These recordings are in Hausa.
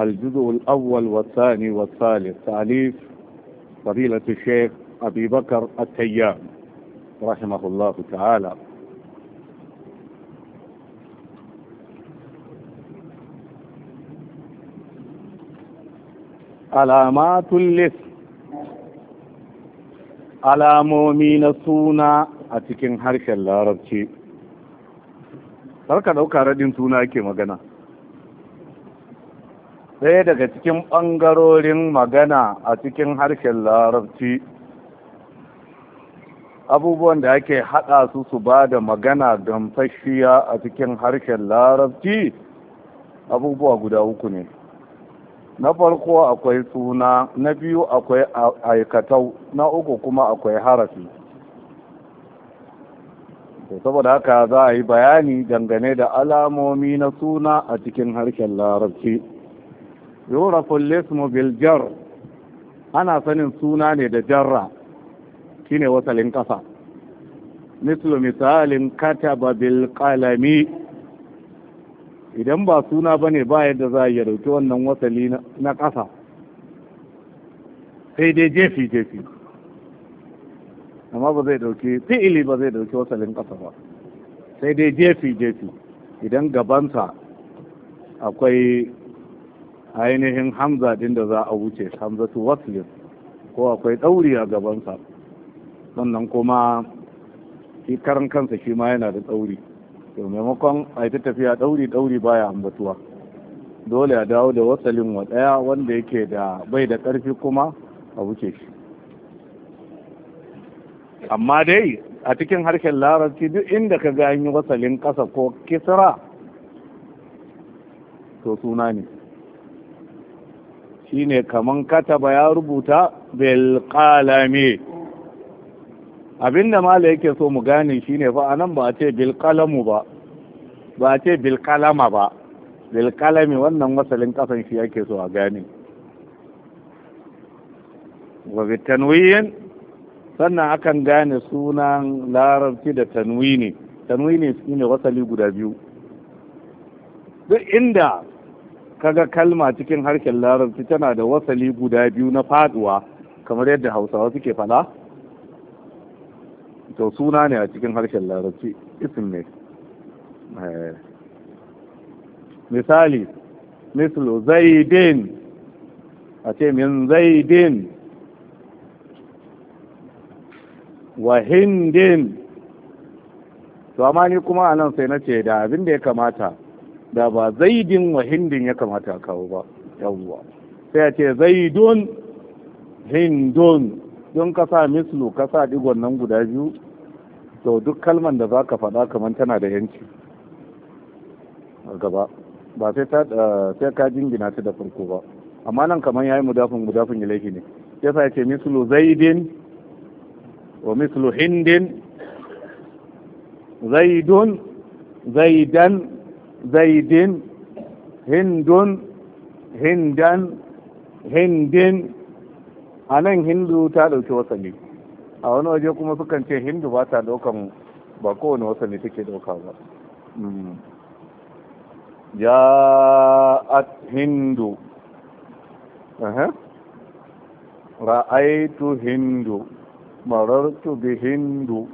الجزء الأول والثاني والثالث تأليف فضيلة الشيخ أبي بكر التيام رحمه الله تعالى علامات اللث على na suna a cikin الله larabci. Sarka ɗauka radin suna ke magana. ɗaya daga cikin ɓangarorin magana a cikin harshen larabci abubuwan da ake haɗa su su ba da magana don fashiya a cikin harshen larabci abubuwa guda uku ne na farko akwai suna na biyu akwai aikatau na uku kuma akwai harafi saboda haka za a yi bayani dangane da alamomi na suna a cikin harshen larabci yuraful lismu bil jar ana sanin suna ne da jarra shine wasalin kasa mislu misalin kataba bil idan ba suna bane ba yadda za a yi dauki wannan wasali na kasa sai dai jefi jefi amma ba zai dauki fi'ili ba zai dauki wasalin kasa ba sai dai jefi jefi idan gabansa akwai ainihin hamza din da za a wuce hamzatu waslin ko akwai ɗauri a gabansa sannan kuma shi karan kansa shi ma yana da ɗauri to maimakon a yi tafiya ɗauri ɗauri baya ambatuwa dole a dawo da wasalin wa ɗaya wanda yake da bai da ƙarfi kuma a wuce shi amma dai a cikin harshen larabci duk inda ka ga an yi wasalin ƙasa ko kisra to suna ne shine kaman kataba ya rubuta bil qalami abinda mala yake so mu gane shine fa anan ba a ce bil qalamu ba ba a ce bil qalama ba bil qalami wannan wasalin kasan shi yake so a gane wa bi tanwin sannan akan gane sunan larabci da tanwini tanwini shine wasali guda biyu duk inda kaga kalma cikin harshen larabci tana da wasali guda biyu na faduwa kamar yadda hausawa suke fada to suna ne a cikin harshen larabci isim ne eh. misali mislu zaidin a ce min zaidin wa hindin to amma ni kuma anan sai na ce da abin da ya kamata da ba zaidin wa hindin ya kamata a kawo ba yawwa sai a ce zaidun hindun don kasa mislu kasa digon nan guda biyu to duk kalman da za ka faɗa kamar tana da yanci gaba ba sai eh, sai ka jingina ta da farko ba amma nan kamar yayi mudafin mudafin laifi ne ya ya ce mislu zaidin wa mislu hindin zaidun zaidan zaidin hindun hindan hindin a nan hindu ta ɗauki wasanni a wani waje kuma sukan ce hindu ba ta ɗaukan ba kowane wasali take ɗauka ba ja'at hindu ra'aitu hindu marartu bi hindu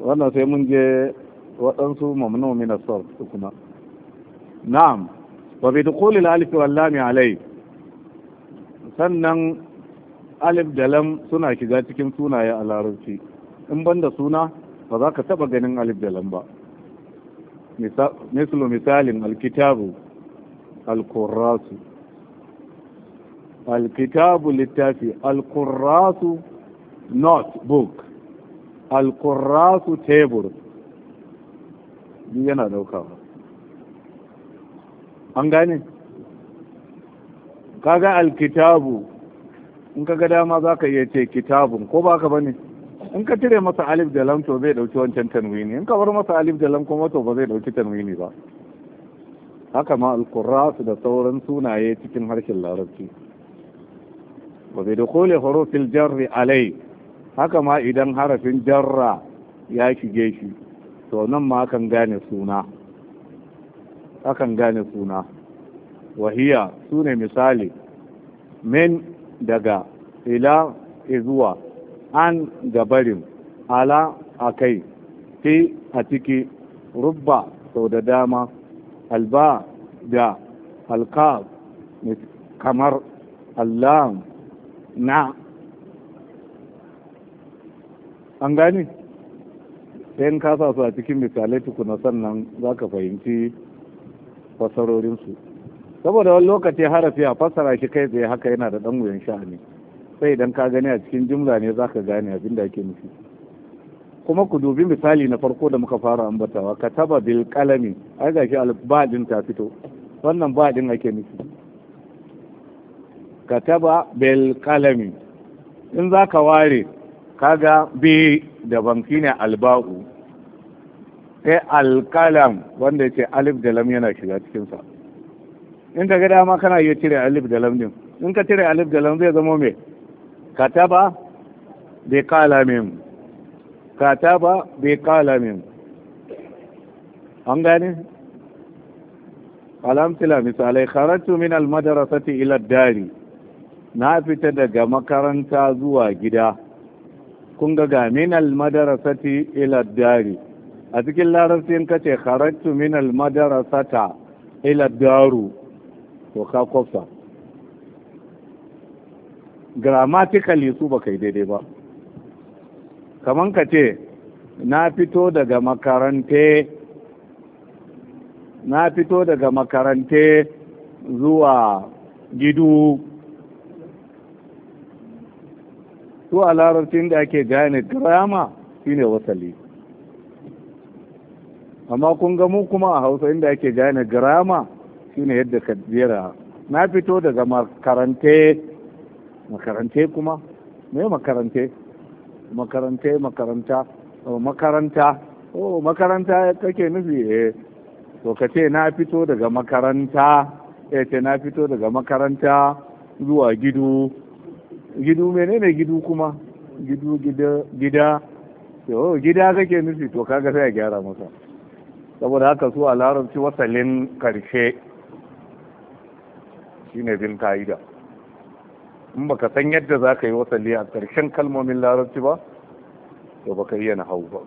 wannan sai mun je waɗansu mamnu min as-sarf kuma na'am wa bi dukhul al-alif wal lam alai sannan alif da lam suna shiga cikin sunaye a larabci in banda suna ba za ka taba ganin alif da lam ba mislu misalin alkitabu alkurrasu alkitabu littafi alkurrasu not book alkurrasu tebur yana daukawa an gane kaga alkitabu in kaga dama za ka iya ce kitabun ko ba ka ba ne in ka cire masa alif da lam to zai dauki wancan tanwini in ka bar masa alif da lam kuma to ba zai dauki tanwini ba haka ma alkurasu da sauran sunaye cikin harshen larabci wa bi dukhuli hurufil jarri alai haka ma idan harafin jarra ya shige shi to nan ma akan gane suna akan gane suna wahiya su misali min daga ila izuwa an gabarin ala a kai fi a ciki rubba sau da dama alba da alka kamar allah na an gane sayan kasa su a cikin misalai tukuna sannan za ka fahimci fasarorinsu saboda wani lokaci harafi a fasara shi kai tsaye haka yana da ɗan wuyan sha'ani sai idan ka gani a cikin jumla ne za ka gane abin da ake nufi kuma ku dubi misali na farko da muka fara ambatawa ka taba bil kalami ai gashi albadin ta fito wannan badin ake nufi ka taba bil kalami in za ka ware kaga bi daban ne alba'u sai alkalam wanda ce alif da lam yana shiga cikin sa in ka ga dama kana iya cire alif da lam din in ka cire alif da lam zai zama me kataba bi kalamin kataba bi kalamin an gane alamtila misalai kharatu min almadrasati ila dari na fita daga makaranta zuwa gida kun ga min almadarasati ila dari a cikin larabci in kace kharajtu min almadarasata ila daru to ka kofta grammatically su baka yi daidai ba kaman ka ce na fito daga makarante na fito daga makarante zuwa gidu to a larabcin da ake gane girama shine wasali amma kun ga mu kuma a hausa inda ake gane girama shine yadda ka jera na fito daga makarante makarante kuma me makarante makarante makaranta makaranta oh makaranta kake nufi eh to ka ce na fito daga makaranta ya eh, ce na fito daga makaranta zuwa gidu gidu menene gidu kuma gidu gida yau gida kake nufi to kaga sai a gyara masa saboda haka su a larabci wasalin karshe shine bin ka'ida in baka san yadda za ka yi wasali a karshen kalmomin larabci ba to baka iya na hau ba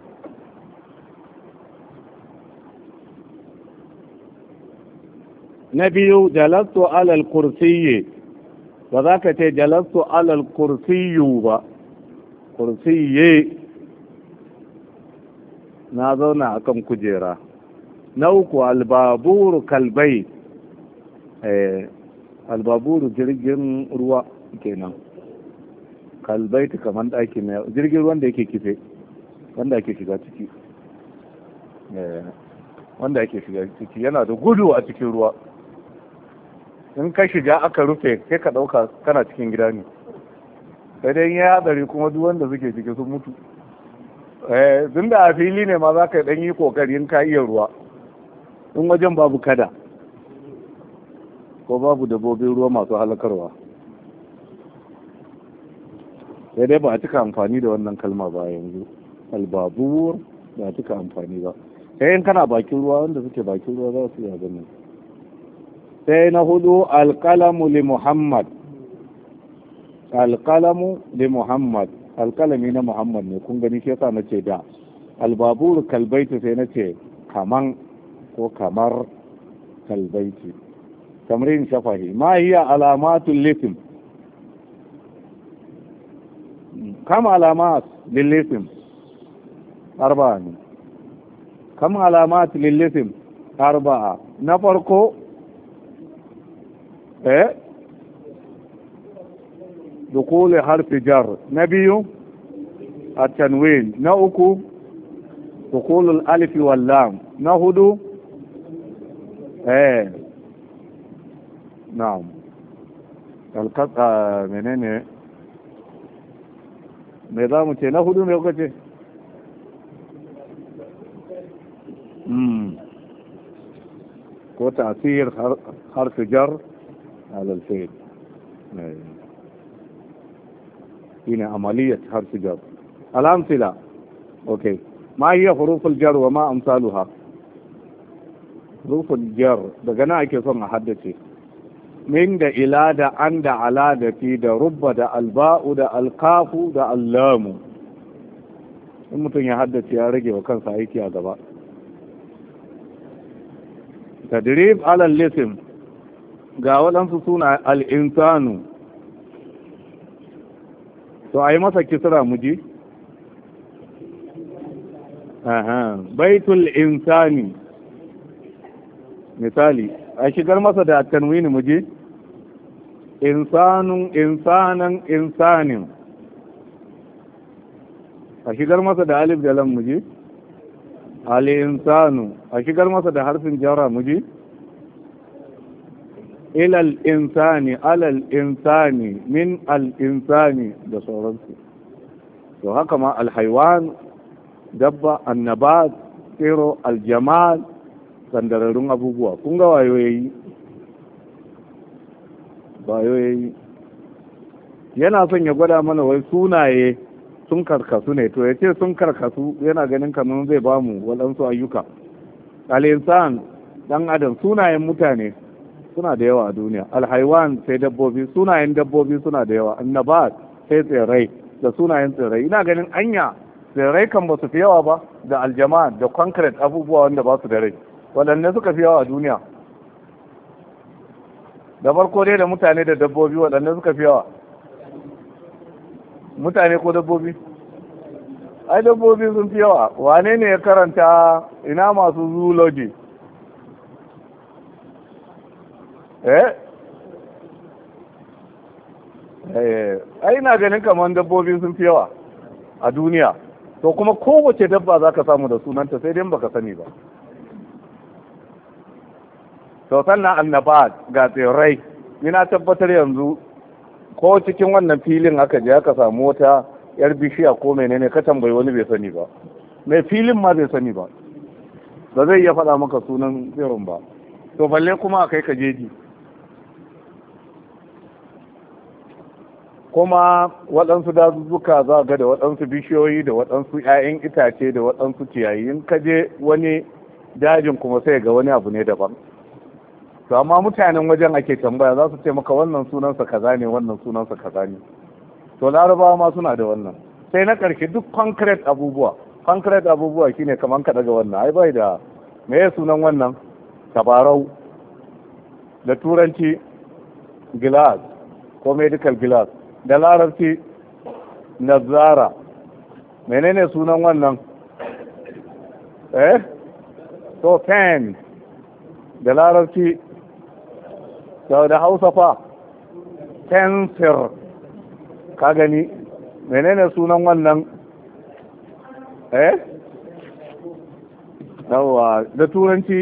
na biyu jalasto alal kursiye ba za ka ce jalastu alal kursiyu ba kursiye na zauna a kan kujera na uku albaburu kalbai eh, albaburu jirgin ruwa kenan kalbai ta kamar ɗaki na jirgin ruwan da yake kife wanda ake shiga ciki eh, wanda ake shiga ciki yana da gudu a cikin ruwa in ka shiga aka rufe sai ka ɗauka kana cikin gida ne sai dai ya hadari kuma duk wanda suke cike sun mutu eh, tun da a fili ne ma za ka ɗan yi kokari in ka iya ruwa in wajen babu kada ko babu dabbobin ruwa masu halakarwa sai dai ba a cika amfani da wannan kalma ba yanzu albabur ba a cika amfani ba sai in kana bakin ruwa wanda suke bakin ruwa za su yi abin nan sai na hudu alkalamu li muhammad alkalamu li muhammad alƙalami na muhammad ne kun gani shi na ce da albaburu kalbaiti sai na ce kaman ko kamar kalbaiti tamrin shafahi ma hiya alamatul lisim كم علامات kam أربعة كم علامات للاسم na farko. eh dukuli harfi jar na biyu a tanwin na uku dukulul alifi na hudu eh na'am alkasa menene me za ce na hudu me ce ko tasir على الفعل هنا عملية حرف جر الأمثلة أوكي ما هي حروف الجر وما أمثالها حروف الجر دقنا أكي صنع حدثي min da ila da an da ala da fi da rubba da alba'u da alkafu da allamu in mutum ya haddace ya rage wa kansa aiki a gaba tadrib alal lisim ga waɗansu suna al'insanu to a yi masa kisra muji baitul insani misali a shigar masa da tanwini muji? insanun insanan insanin a shigar masa da alif da lam muji? Al'insanu. a shigar masa da harfin jara muji? ilal insani alal insani min al insani da sauransu to haka ma alhaiwan dabba annabat tsiro aljamal sandararrun abubuwa kun ga wayoyi wayoyi yana son ya gwada mana wai sunaye sun karkasu ne to ya ce sun karkasu yana ganin kamar zai bamu wadansu ayyuka al insan dan adam sunayen mutane suna da yawa a duniya alhaiwan sai dabbobi sunayen dabbobi suna da yawa annabat sai tsirrai da sunayen tsirrai ina ganin anya tsirrai kan ba su fi yawa ba da aljama da concrete abubuwa wanda ba su da rai waɗanne suka fi yawa a duniya da farko dai da mutane da dabbobi waɗanne suka fi yawa mutane ko dabbobi ai dabbobi sun fi yawa wane ne ya karanta ina masu zoology Eh? eh ai na ganin kamar dabbobi sun fi yawa a duniya to kuma kowace dabba za ka samu da sunanta sai dai baka sani ba to sannan annaba ga tsirrai ina tabbatar yanzu ko cikin wannan filin aka je aka samu wata yar bishiya ko menene ka tambayi wani bai sani ba mai filin ma bai sani ba ba zai iya faɗa maka sunan tsirin ba to balle kuma a kai ka jeji kuma waɗansu dazuzzuka za ga da waɗansu bishiyoyi da waɗansu 'ya'yan itace da waɗansu ciyayi in ka je wani dajin kuma sai ga wani abu ne daban to amma mutanen wajen ake tambaya za su ce maka wannan sunansa kaza ne wannan sunansa kaza ne to larabawa ma suna da wannan sai na ƙarshe duk concrete abubuwa concrete abubuwa shine kamar ka daga wannan ai bai da me ya sunan wannan tabarau da turanci glass ko medical glass da larabci nazara menene sunan wannan eh to pen da larabci da hausa fa tensir ka gani menene sunan wannan eh da turanci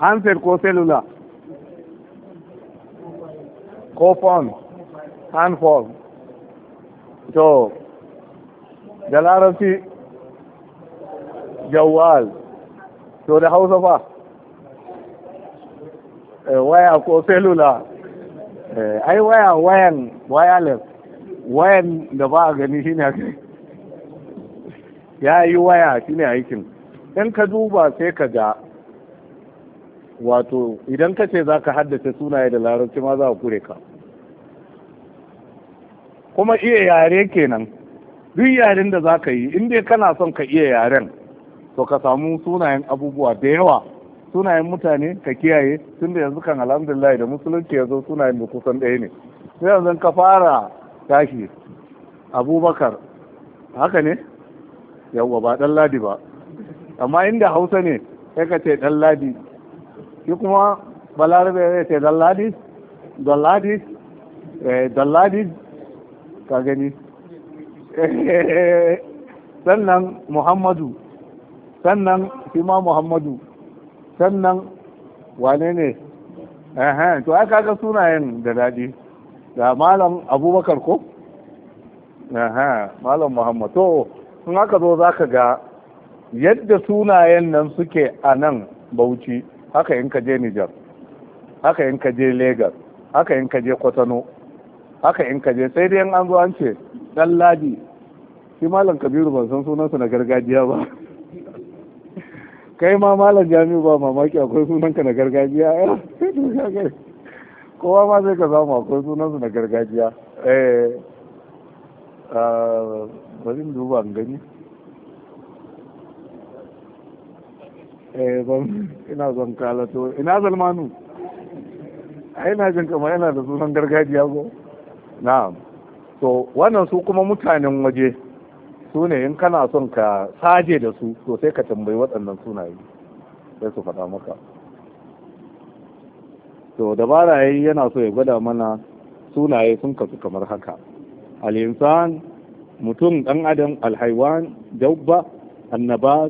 handset ko cellular ko pound handful to da larabci jawal to da hausa eh, fa waya ko cellular eh, ai waya wayan wireless wayan da ba a gani shine ake ya yi waya shine aikin in ka duba sai ka ga wato idan ka ce za ka haddace sunaye da larabci ma za a kure ka kuma iya yare kenan duk yaren da za ka yi in dai kana son ka iya yaren to ka samu sunayen abubuwa da yawa sunayen mutane ka kiyaye tun da yanzu kan alhamdulillah da musulunci ya zo sunayen da kusan ɗaya ne sai yanzu ka fara tashi abubakar haka ne yawwa ba ɗan ladi ba amma inda hausa ne sai ka ce ɗan ladi shi kuma balarabe ya ce ɗan ladi ɗan ladi eh, ka gani sannan muhammadu sannan shi muhammadu sannan wane ne to aka ga sunayen da daɗi da malam abubakar ko malam muhammad to in aka zo za ka ga yadda sunayen nan suke a nan bauchi haka in ka je nijar haka in ka je Legas haka in ka je kwatano haka in ka je sai dai an zo an ce dan ladi shi malam kabiru ban san sunansa na gargajiya ba kai ma malam jami'u ba mamaki akwai sunanka na gargajiya eh, kowa ma sai ka samu akwai sunansa na gargajiya eh bari duba gani eh ina zan kalato ina zalmanu ai ina jin kamar yana da sunan gargajiya ko na'am to wannan su kuma mutanen waje su ne in kana son ka saje da su to sai ka tambayi waɗannan sunaye sai su faɗa maka to dabara yayi yana so ya gwada mana sunaye sun kasu kamar haka al mutum ɗan adam alhaiwan dabba annaba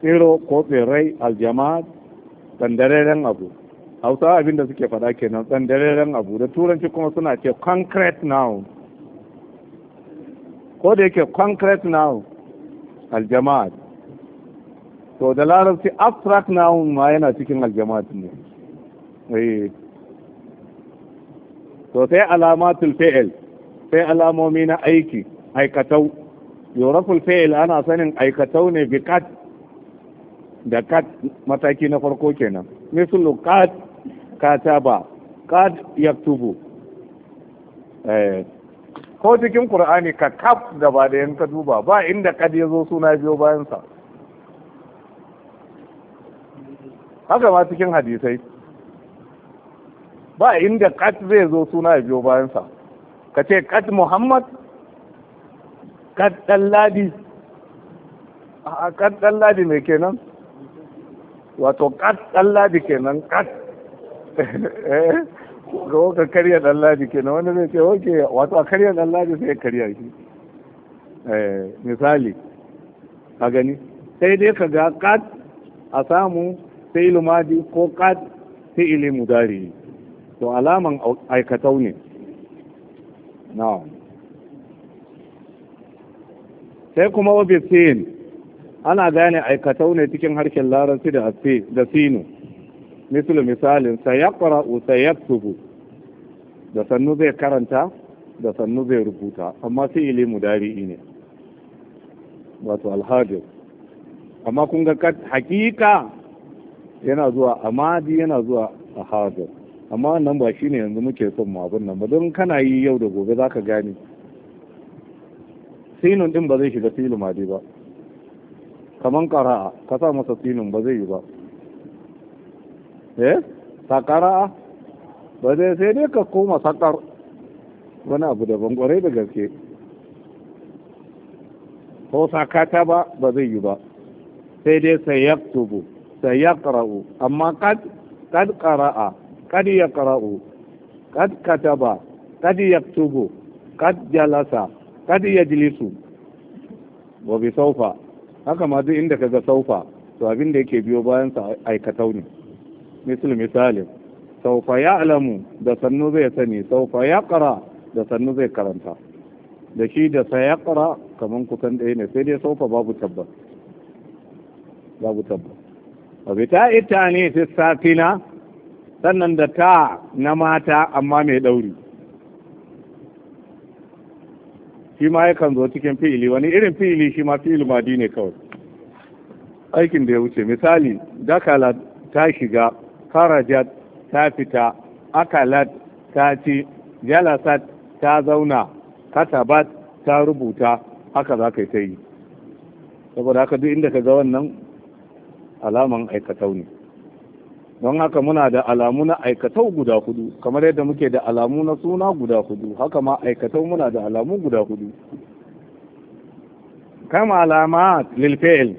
tsiro ko tsirrai aljama'a dandareren abu hausa abinda suke faɗa kenan tsandareren abu da turanci kuma suna ce concrete now ko da yake concrete now aljama'a to da larabci abstract now ma yana cikin aljama'a ne eh. to sai alamatul fi'il sai alamomi na aiki aikatau yoraful fi'il ana sanin aikatau ne bi kat da kat mataki na farko kenan misalu kat kataba qad yaktubu eh ko cikin qur'ani ka kaf ba da yanka ka duba ba inda kad zo suna biyo bayan sa haka ma cikin hadisai ba inda kat zai zo suna biyo bayan sa ka ce kat muhammad kat dalladi a kat dalladi me kenan wato kat dalladi kenan kat Eh? ga eh, ka karya dan ke kenan wanda zai ce oke wato a karya dan laji sai ya karya shi eh, misali a gani sai dai ka ga kad a samu sai lumadi ko kad sai ilimu dari to alaman aikatau ne na sai kuma wabi sin ana gane aikatau ne cikin harshen larabci da sinu mislu misalin sayaqra'u sayaktubu da sannu zai karanta da sannu zai rubuta amma fi'ili mudari'i ne wato alhajir amma kun ga hakika yana zuwa amadi yana zuwa ahajir amma wannan ba shine yanzu muke son mu abin nan ba don kana yi yau da gobe za ka gane sinun din ba zai shiga filin madi ba kamar kara'a ka sa masa sinun ba zai yi ba eh sakara ba zai sai dai ka koma sakar wani abu da kwarai da gaske ko sakata ba ba zai yi ba sai dai sai Sai ya ƙara'u. amma kad kad ƙara'a, kad ƙara'u. kad kataba kad yaktubu kad jalasa kad jilisu ba bi saufa haka ma duk inda kaga saufa to abin da yake biyo bayan sa aikatau ne مثل misali saufa ya alamu da sannu zai sani saufa ya kara da sannu zai karanta da shi da sa ya kara kamar kusan ɗaya ne sai dai saufa babu tabbas babu tabbas wa bi ta ita ne fi safina sannan da ta na mata amma mai ɗauri shi ma yakan zo cikin fi'ili wani irin fi'ili shi ma ne kawai aikin da ya wuce misali dakala ta shiga farajat ta fita akalat ta ci jalasat ta zauna katabat ta rubuta haka za ka ta yi saboda haka duk inda ka ga wannan alaman aikatau ne don haka muna da alamu na aikatau guda hudu kamar yadda muke da alamu na suna guda hudu haka ma aikatau muna da alamu guda hudu kama alamat lil fi'l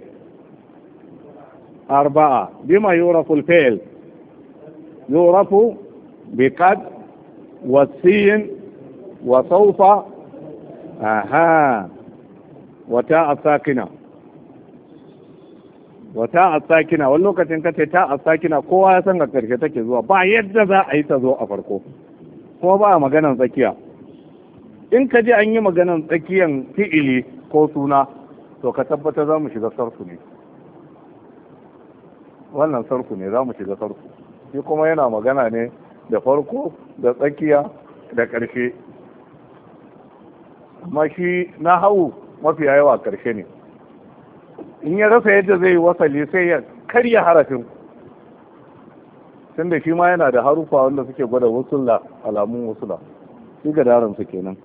arba'a bima yurafu al fi'l يعرف بقد والسين وسوف أها وتاء الساكنة وتاء الساكنة واللوكة انكتي تاء الساكنة قوة سنة كرشتك زوا yi يجزا zo a farko. kuma ba a maganan tsakiya in ka ji an yi maganan tsakiyan fi'ili ko suna to ka tabbata za mu shiga sarku wannan sarku ne za mu shiga sarku shi kuma yana magana ne da farko da tsakiya da ƙarshe amma shi na hau mafi yawa ƙarshe ne in ya rasa yadda zai yi wasali sai ya karya harafin tun da shi ma yana da harufa wanda suke gwada wasula alamun wasula shi ga daren su kenan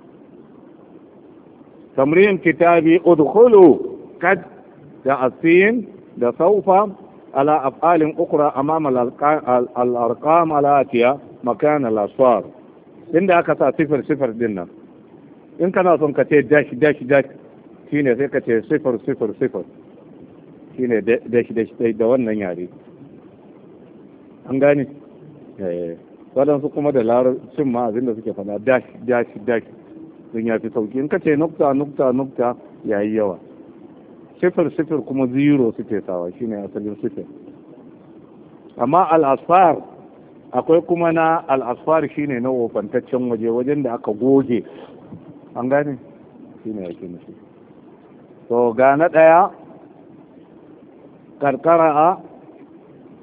tamrin kitabi udkhulu kad da asin da saufa ala af'alin ukura, a al-arqam al-atiya makan al-asfar inda aka sa sifir sifir din nan in kana son ka ce dash dash dash shine sai ka ce sifir sifir sifir ne dash dash dash da wannan yare an gane waɗansu kuma da larabcin ma abin da suke fana dash dash dash sun ya fi sauki in ka ce nukta nukta nukta yi yawa sifir sifir kuma zero suke sawa shine asalin sifir amma al'asfar akwai kuma na al'asfar shine na wofantaccen waje wajen da aka goge an gane shine yake nufi to ga na ɗaya karkara a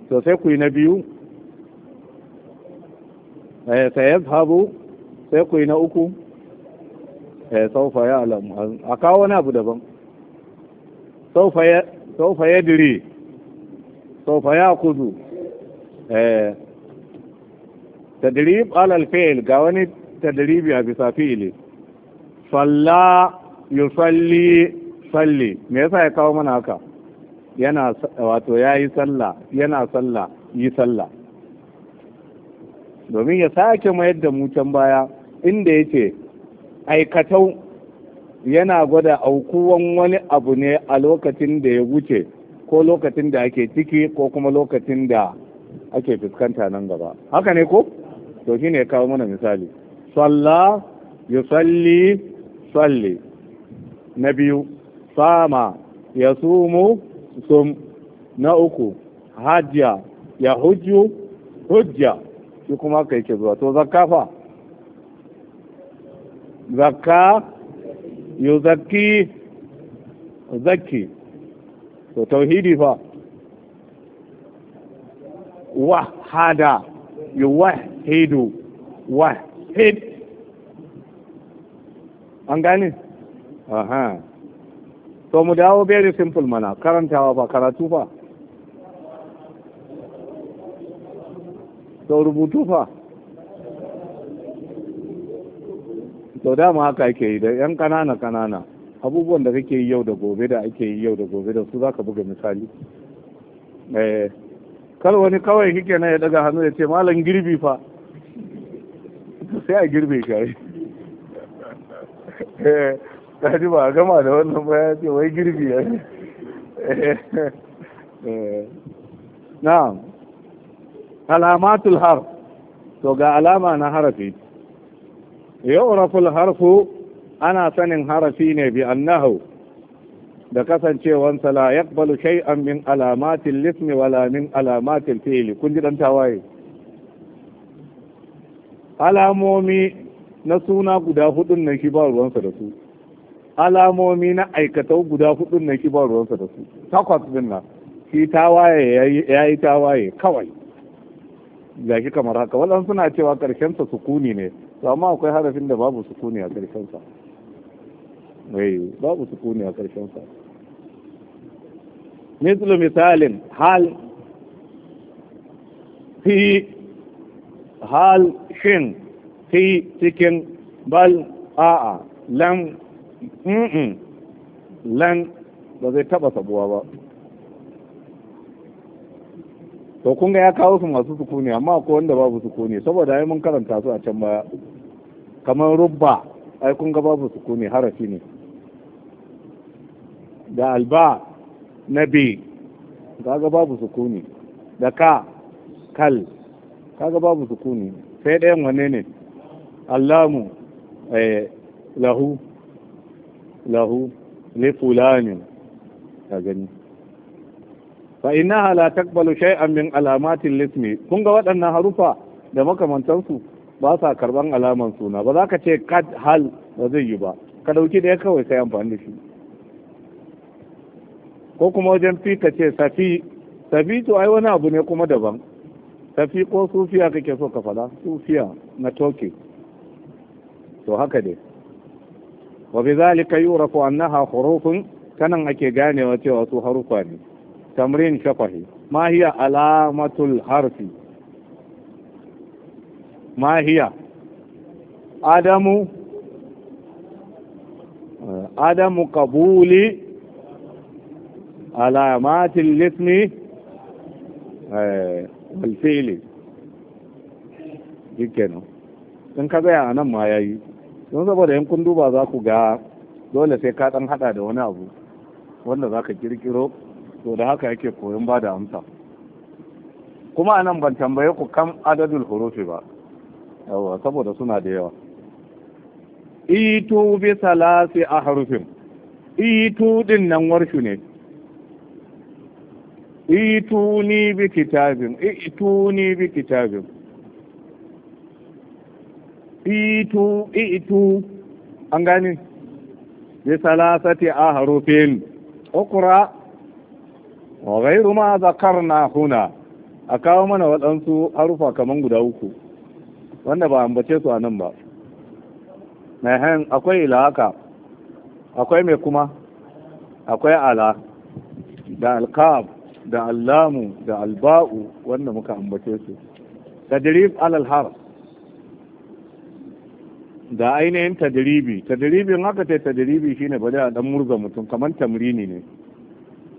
to sai ku yi na biyu eh, sai habu sai ku yi na uku ya eh, saufa ya alamu a kawo wani abu daban sọ́fà yẹ́ dìrí sọ́fà yá kúrù ẹ̀ tàdìrí alalfẹ́ẹ̀lì ga wani tàdìrí bí a fi sàfí ya fàlá yóò fàlí fàlí mẹ́ kawo mana haka yana wato ya yi yana sallá yi sallá domin ya sake mayar da mutan baya inda yake aikatau yana gwada aukuwan wani abu ne a lokacin da ya wuce ko lokacin da ake ciki ko kuma lokacin da ake fuskanta nan gaba haka ne ko to shi ya kawo mana misali salla yusalli salli na biyu sama ya sumu sum na uku hajja ya hujju hujja shi kuma kai ke zuwa to zakka fa zakka yuzakki zakki to tauhidi fa wahada yuwahidu wahid an gane aha to mu dawo very simple mana karantawa ba karatu fa to rubutu fa to dama haka ake yi da yan kanana kanana abubuwan da kake yi yau da gobe da ake yi yau da gobe da su za ka buga misali eh, kar wani kawai kike na ya daga hannu ya ce malam girbi fa sai a girbe shi ta eh, ji ba gama da wannan ba ya ce wai girbi ya eh, na alamatul har to ga alama na harafi yu'raful harfu ana sanin harafi ne bi annahu da kasancewansa la yaqbalu shay'an min alamatil ismi wala min alamatil fi'li kun ji dan tawaye alamomi na suna guda hudun nan shi ba ruwansa da su alamomi na aikatau guda hudun nan shi ba ruwansa da su takwas din nan shi tawaye ya yi tawaye kawai ga shi kamar haka waɗansu suna cewa ƙarshensa sukuni ne to amma akwai harafin da babu sukuni a ƙarshen sa eh, babu sukuni a ƙarshen sa مثل misalin hal في هل شن في تكن بل آآ lan mm lan ba zai taba sabuwa ba to kun ga ya kawo su masu sukuni amma akwai wanda babu sukuni saboda ai mun karanta su a can baya kamar rubba ai kun ga babu sukuni harafi ne da alba na b kaga babu sukuni da ka kal kaga babu sukuni sai ɗayan wane ne allamu eh, lahu lahu li fulani ka gani fa innaha la taqbalu shay'an min alamatil ismi kun ga waɗannan harufa da makamantansu ba sa karban alaman suna ba za ka ce kad hal ba zai yi ba ka dauki ɗaya kawai sai amfani da shi ko kuma wajen fi ka ce safi safi to ai wani abu ne kuma daban safi ko sufiya kake so ka fada sufiya na toki to haka dai wa bi zalika yurafu annaha hurufun kanan ake ganewa cewa su harufa ne tamrin shafahi ma hiya alamatul harfi ما هي عدم عدم قبول علامات الاسم والفعل kenan in ka tsaya a nan ma ya yi don saboda in kun duba za ku ga dole sai ka ɗan haɗa da wani abu wanda za ka ƙirƙiro to da haka yake koyon ba da amsa kuma a nan ban tambaye ku kam adadin hurufi ba yawa saboda suna da yawa itu bi salasi a ahrufin itu din nan warshu ne itu ni bi kitabin itu ni bi kitabin itu itu an gani. bi salasati a harufin. ukra wa gairu ma zakarna huna a kawo mana waɗansu harufa kaman guda uku wanda ba ambace su a nan ba mahan akwai ilaka akwai mai kuma akwai ala da alkab da allamu da alba'u wanda muka ambace su tadrib alal har da ainihin tadribi tadribin haka ta tadribi shine ba zai dan murza mutum kamar tamrini ne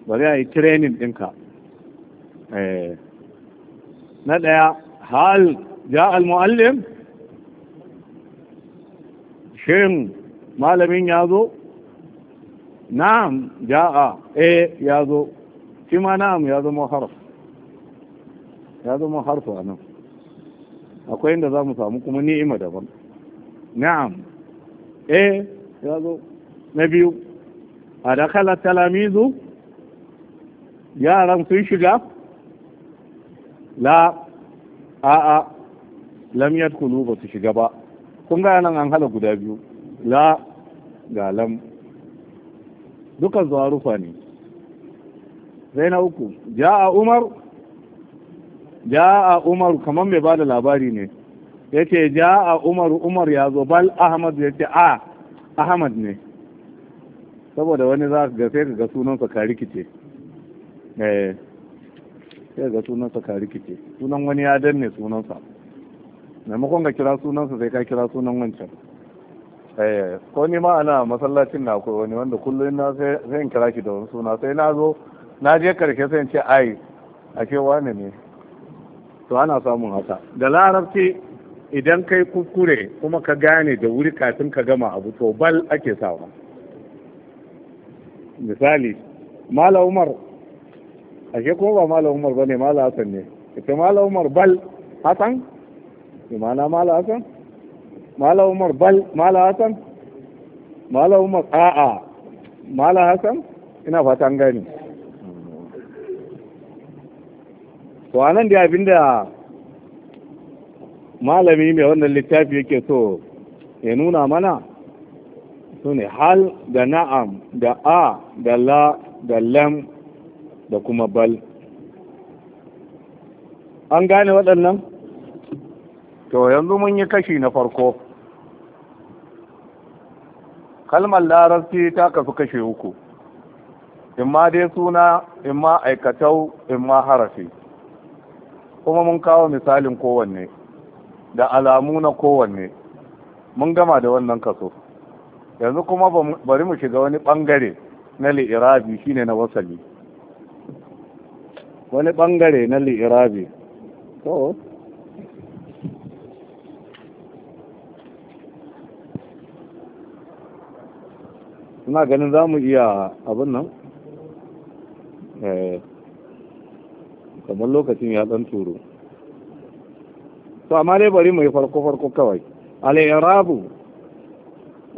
ba zai yi training dinka eh. na ɗaya hal ja al-mu'allim malamin ya zo na'am ja'a eh ya zo shi ma ya zama harf harfu a akwai inda za samu kuma ni'ima daban na'am eh ya zo na biyu a dakala talamizu yaran sun shiga la a'a lam yadkhulu ba su shiga ba kun ga nan an hala guda biyu la ga lam duka zuwa ne sai na uku ja'a umar ja'a umar kamar mai bada labari ne yace ja'a umar umar ya zo bal ahmad yace a ahmad ne saboda wani za ka ga sai ga sunansa ka rikice eh sai ga sunansa ka rikice sunan wani ya danne sunansa maimakon ka kira sunansa sai ka kira sunan wancan eh, ko ni ma ana masallacin na akwai wani wanda kullum na sai in kira ki da wani suna sai na zo na je karshe sai in ce ai a ke wani ne to ana samun haka da larabci idan kai kukure kuma ka gane da wuri kafin ka gama abu to bal ake sawa misali mala umar ke kuma ba mala umar ba ne mala hasan ne ita mala umar bal hasan imana mala hasan mala umar bal mala hasan mala umar a'a mala hasan ina fatan gani to anan da abinda malami mai wannan littafi yake so ya nuna mana su ne hal da na'am da a da la da lam da kuma bal an gane waɗannan to yanzu mun yi kashi na farko kalmar larabci ta kafi kashe uku in ma dai suna in ma aikatau in ma harafi kuma mun kawo misalin kowanne da alamu na kowanne mun gama da wannan kaso yanzu kuma bari mu shiga wani bangare na li'irabi shine na wasali wani bangare na li'irabi to ina ganin za mu iya abin nan eh, kamar lokacin ya ɗan turo to amma dai bari mu yi farko farko kawai al'irabu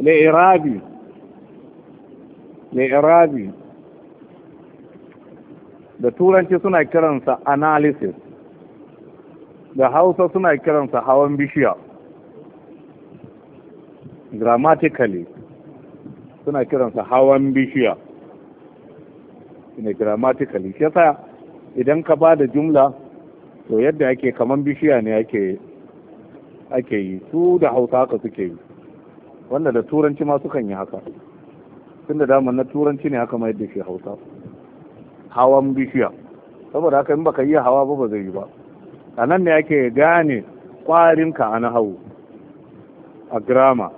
al'irabi al'irabi da turanci suna kiransa analysis da hausa suna kiransa hawan bishiya grammatically suna kiransa hawan bishiya ne grammatically shi yasa idan ka ba da jumla to yadda ake kaman bishiya ne ake ake yi su da hausa haka suke yi wanda da turanci ma sukan yi haka tun da damar na turanci ne haka mai da shi hausa hawan bishiya saboda haka in baka yi hawa ba ba zai yi ba a nan ne ake gane kwarinka a nahawu a grammar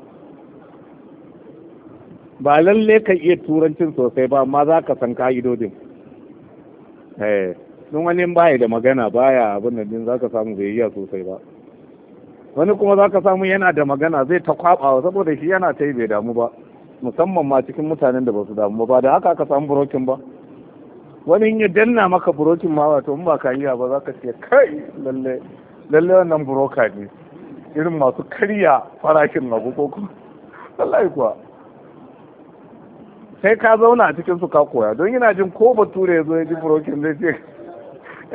ba lalle ka iya turancin sosai ba amma za ka san ka'idodin eh, don wani baya da magana baya abin da din za ka samu bai iya sosai ba wani kuma za ka samu yana da magana zai ta kwabawa saboda shi yana ta yi bai damu ba musamman ma cikin mutanen da ba su damu ba da haka aka samu burokin ba wani in ya danna maka burokin ma wato in ba ka yi ba za ka ce kai lalle lalle wannan buroka ne irin masu karya farashin abu ko kuma kai ka zauna a cikin su ka koya don yana jin ko bature ya zo ya ji brokin zai ce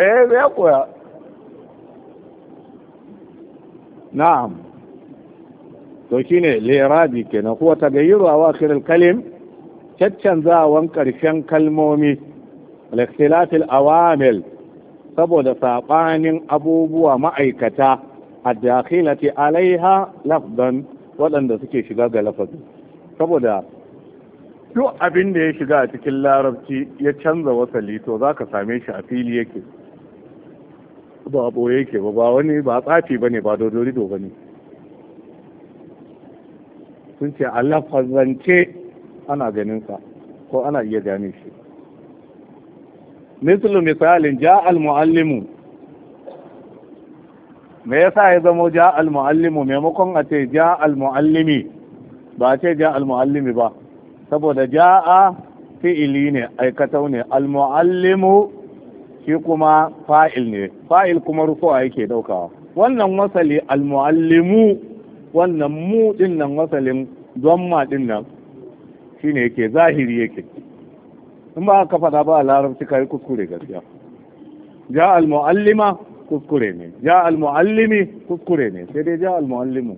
eh ya koya na'am to shine lirabi kenan kuwa tagayyuru awakhir al-kalim caccanzawan karshen kalmomi al awamil saboda saɓanin abubuwa ma'aikata a dakhilati alaiha lafdan waɗanda suke shiga ga lafazi saboda duk abin da ya shiga a cikin larabci ya canza wasali to za ka same shi a fili yake ba ɓoye yake ba ba wani ba tsafi ba ne ba dodorido ba ne sun ce a lafazance ana ganinsa ko ana iya gane shi mislu misalin ja al-muallimu me yasa ya zamo ja al-muallimu maimakon a ce ja al-muallimi ba a ce ja al-muallimi ba saboda ja'a fi'ili ne aikatau ne almuallimu shi kuma fa'il ne fa'il kuma rufuwa yake daukawa wannan wasali almuallimu wannan mu din nan wasalin ma din nan shi ne yake zahiri yake in ba ka faɗa ba a larabci kai kuskure gaskiya jaa al kuskure ne jaa almu'allimi kuskure ne sai dai jaa almu'allimu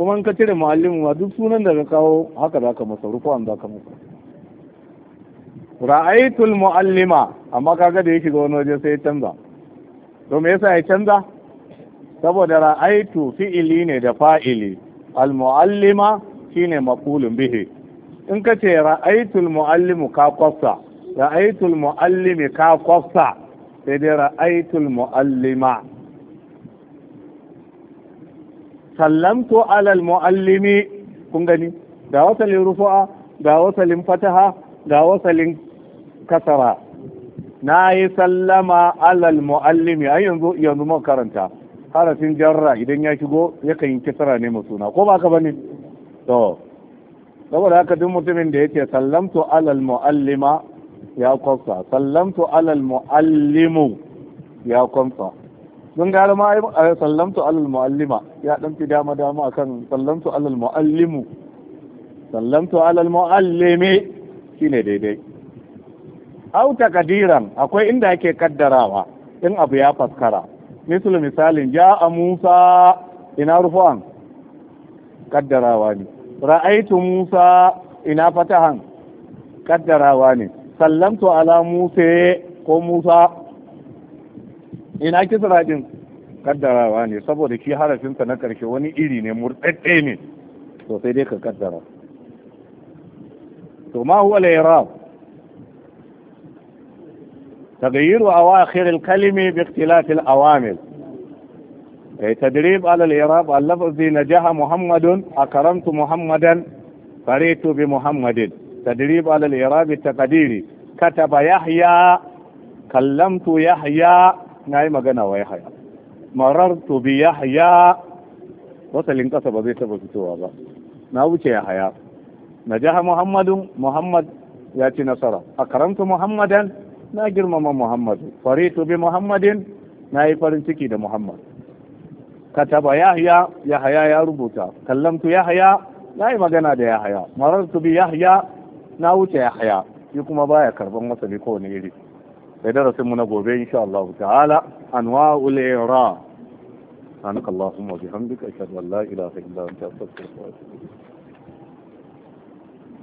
kuma in ka cire muallimu ma duk sunan da ka kawo haka za ka masa an za ka masa ra'aitul muallima amma kaga da ya shiga wani waje sai ya canza to me yasa ya canza saboda ra'aitu fi'ili ne da fa'ili al-muallima shine maqulun bihi in ka ce ra'aitul muallimu ka kwafsa ra'aitul muallimi ka kwafsa sai dai ra'aitul muallima sallamtu alal muallimi kun gani ga wasalin rufu'a ga wasalin fataha ga wasalin kasara na yi sallama alal muallimi ai yanzu yanzu mun karanta harafin jarra idan ya shigo ya yi kisra ne mu suna ko ba ka bane to saboda haka duk mutumin da yake sallamtu alal muallima ya kwamsa sallamtu alal muallimu ya kwamsa mun gara ma a sallamtu alal muallima ya dan fi dama dama akan sallamtu alal muallimu sallamtu alal muallimi shine daidai au takadiran akwai inda yake kaddarawa in abu ya faskara misali misalin ja a musa ina rufu'an kaddarawa ne ra'aitu musa ina fatahan kaddarawa ne sallamtu ala musa ko musa ina kisra din kaddarawa ne saboda shi harafinsa na ƙarshe wani iri ne murɗaɗɗe ne to sai dai ka kaddara to ma huwa layra tagayyiru awakhir al-kalimi bi awamil ay eh, tadrib ala al-i'rab al-lafzi najaha muhammadun akramtu muhammadan qaraitu bi muhammadin تدريب على الإعراب التقديري kataba yahya كلمت yahya. na yi magana wa yahaya marar to bi yahaya wasalin ƙasa ba zai taɓa fitowa ba na wuce yahaya na jaha muhammadun muhammad ya ci nasara a karanta muhammadan na girmama muhammadu to bi muhammadin na yi farin ciki da muhammad kataba yahya yahya ya rubuta kallamtu yahya na yi magana da yahya to bi yahya na wuce yahya shi kuma baya karban wasali kowane iri sai darasin mu na gobe insha Allah ta'ala anwa'ul ira سبحانك اللهم وبحمدك أشهد أن لا إله إلا أنت أستغفرك وأتوب إليك